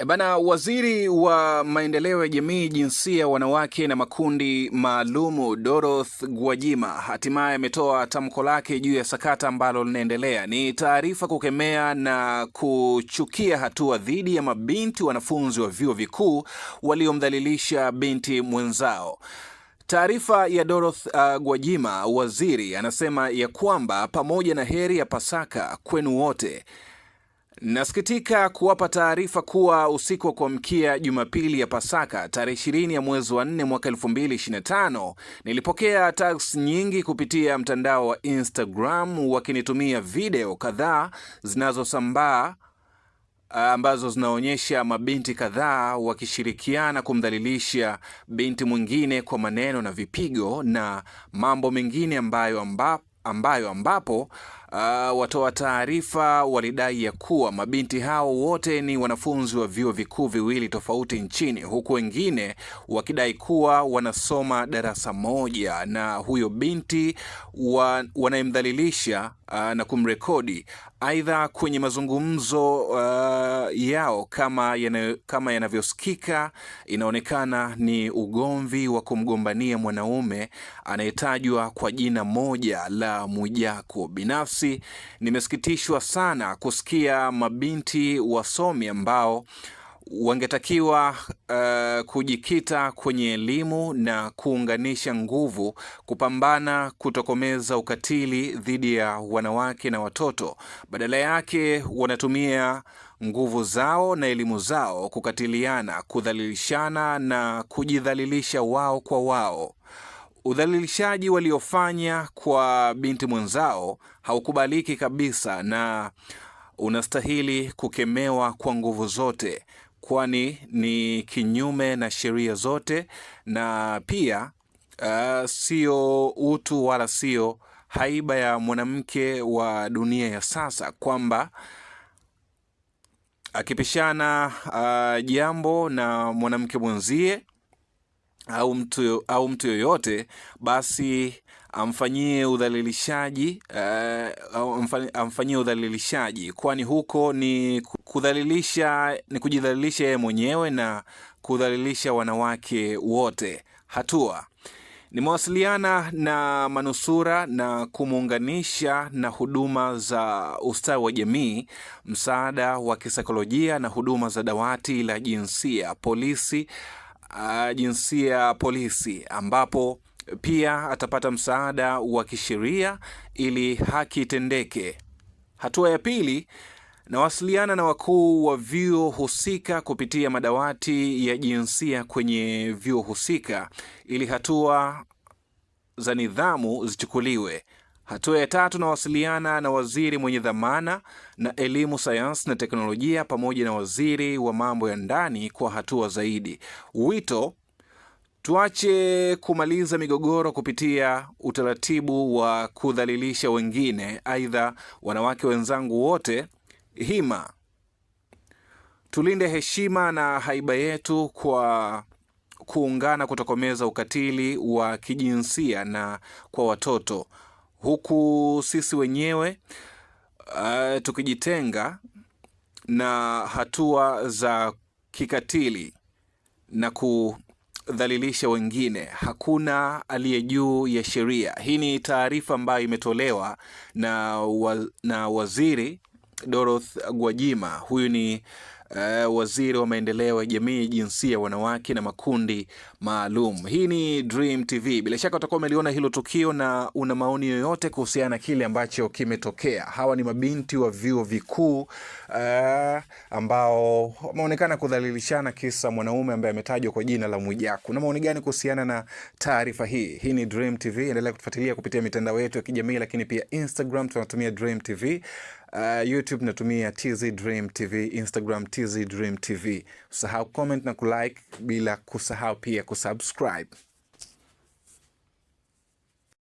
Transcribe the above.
Eh, bana, waziri wa maendeleo ya jamii, jinsia, wanawake na makundi maalumu Doroth Gwajima hatimaye ametoa tamko lake juu ya sakata ambalo linaendelea. Ni taarifa kukemea na kuchukia hatua dhidi ya mabinti wanafunzi wa vyuo vikuu waliomdhalilisha binti mwenzao. Taarifa ya Doroth uh, Gwajima, waziri anasema ya kwamba pamoja na heri ya Pasaka kwenu wote Nasikitika kuwapa taarifa kuwa usiku wa kuamkia Jumapili ya Pasaka tarehe ishirini ya mwezi wa 4 mwaka 225 nilipokea tags nyingi kupitia mtandao wa Instagram wakinitumia video kadhaa zinazosambaa ambazo zinaonyesha mabinti kadhaa wakishirikiana kumdhalilisha binti mwingine kwa maneno na vipigo na mambo mengine ambayo ambapo, ambayo ambapo Uh, watoa taarifa walidai ya kuwa mabinti hao wote ni wanafunzi wa vyuo vikuu viwili tofauti nchini, huku wengine wakidai kuwa wanasoma darasa moja na huyo binti wa, wanayemdhalilisha uh, na kumrekodi. Aidha, kwenye mazungumzo uh, yao kama, yana, kama yanavyosikika, inaonekana ni ugomvi wa kumgombania mwanaume anayetajwa kwa jina moja la Mwijaku binafsi binafsi nimesikitishwa sana kusikia mabinti wasomi ambao wangetakiwa uh, kujikita kwenye elimu na kuunganisha nguvu kupambana kutokomeza ukatili dhidi ya wanawake na watoto. Badala yake wanatumia nguvu zao na elimu zao kukatiliana, kudhalilishana na kujidhalilisha wao kwa wao udhalilishaji waliofanya kwa binti mwenzao haukubaliki kabisa na unastahili kukemewa kwa nguvu zote, kwani ni kinyume na sheria zote na pia uh, sio utu wala sio haiba ya mwanamke wa dunia ya sasa kwamba akipishana uh, jambo na mwanamke mwenzie au mtu, au mtu yoyote basi amfanyie udhalilishaji uh, amfanyie udhalilishaji, kwani huko ni kudhalilisha, ni kujidhalilisha yeye mwenyewe na kudhalilisha wanawake wote. Hatua nimewasiliana na manusura na kumuunganisha na huduma za ustawi wa jamii, msaada wa kisaikolojia na huduma za dawati la jinsia, polisi uh, jinsia ya polisi ambapo pia atapata msaada wa kisheria ili haki itendeke. Hatua ya pili, nawasiliana na wakuu wa vyuo husika kupitia madawati ya jinsia kwenye vyuo husika ili hatua za nidhamu zichukuliwe. Hatua ya tatu, nawasiliana na waziri mwenye dhamana na elimu, sayansi na teknolojia pamoja na waziri wa mambo ya ndani kwa hatua zaidi. Wito, tuache kumaliza migogoro kupitia utaratibu wa kudhalilisha wengine. Aidha, wanawake wenzangu wote, hima, tulinde heshima na haiba yetu kwa kuungana kutokomeza ukatili wa kijinsia na kwa watoto huku sisi wenyewe uh, tukijitenga na hatua za kikatili na kudhalilisha wengine. Hakuna aliye juu ya sheria. Hii ni taarifa ambayo imetolewa na, wa, na waziri Dorothy Gwajima. Huyu ni uh, waziri wa maendeleo ya jamii, jinsia, wanawake na makundi maalum. Hii ni Dream TV, bila shaka utakuwa umeliona hilo tukio na una maoni yoyote kuhusiana na kile ambacho kimetokea. Hawa ni mabinti wa vyuo vikuu uh, ambao wameonekana kudhalilishana kisa mwanaume ambaye ametajwa kwa jina la Mwijaku. Una maoni gani kuhusiana na taarifa hii? Hii ni Dream TV, endelea kutufuatilia kupitia mitandao yetu ya kijamii, lakini pia Instagram tunatumia Dream TV. Uh, YouTube natumia TZ Dream TV, Instagram TZ Dream TV. Usahau comment na kulike bila kusahau pia kusubscribe.